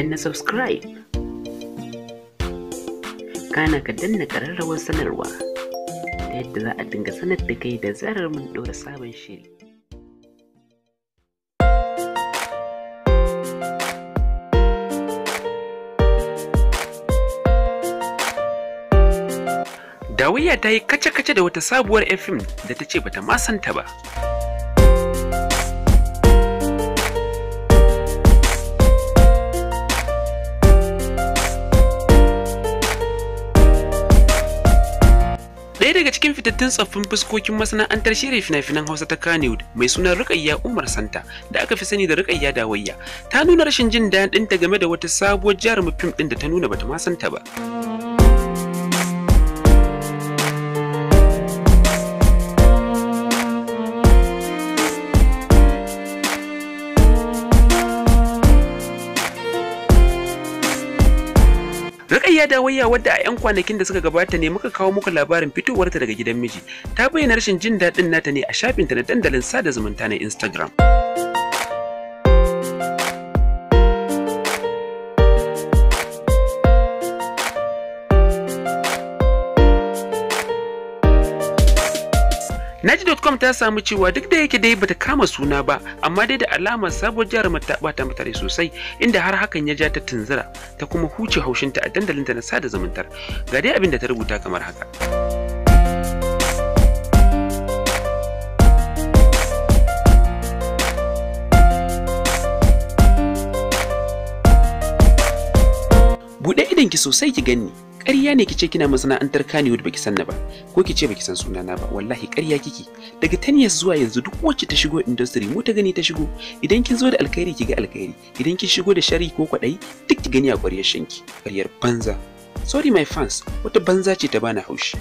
danna subscribe kana ka danna ƙararrawar sanarwa ta yadda za a dinga sanar da kai da zarar mun ɗora sabon shiri Dawiya ta yi kace-kace da wata sabuwar FM da ta ce bata masanta ba. ɗaya daga cikin fitattun tsoffin fuskokin masana'antar shirya fina-finan hausa ta kanewood mai sunan rukayya umar santa da aka fi sani da rukayya dawayya ta nuna rashin jin daɗinta game da wata sabuwar jarumin fim ɗin da ta nuna bata ma santa ba. da Dawayya wadda a 'yan kwanakin da suka gabata ne muka kawo muku labarin fitowarta daga gidan miji ta bayyana rashin jin daɗin nata ne a shafinta na dandalin sada zumunta na Instagram. Naji.com ta samu cewa duk da yake dai bata kama suna ba, amma dai da alamar sabuwar jarumar ta bata mutane sosai, inda har hakan ya ja ta tunzura, ta kuma huce haushinta a dandalinta na sada zumuntar. Ga dai abin da ta rubuta kamar haka. Buɗe idonki sosai ki ganni ƙarya ne kice kina masana'antar Kannywood baki sanna ba ko kice baki san sunana ba wallahi ƙarya kiki daga tanyas zuwa yanzu duk wacce ta shigo industry mu ta gani ta shigo idan kin zo da alkhairi ki ga alkhairi idan kin shigo da shari ko kwadai duk ki gani a ƙwaryar shanki ƙaryar banza sorry my fans wata banza ce ta bana haushi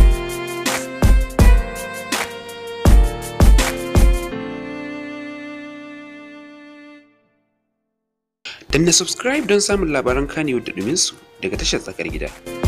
Danna subscribe don samun labaran Kannywood da ɗuminsu daga tashar tsakar gida.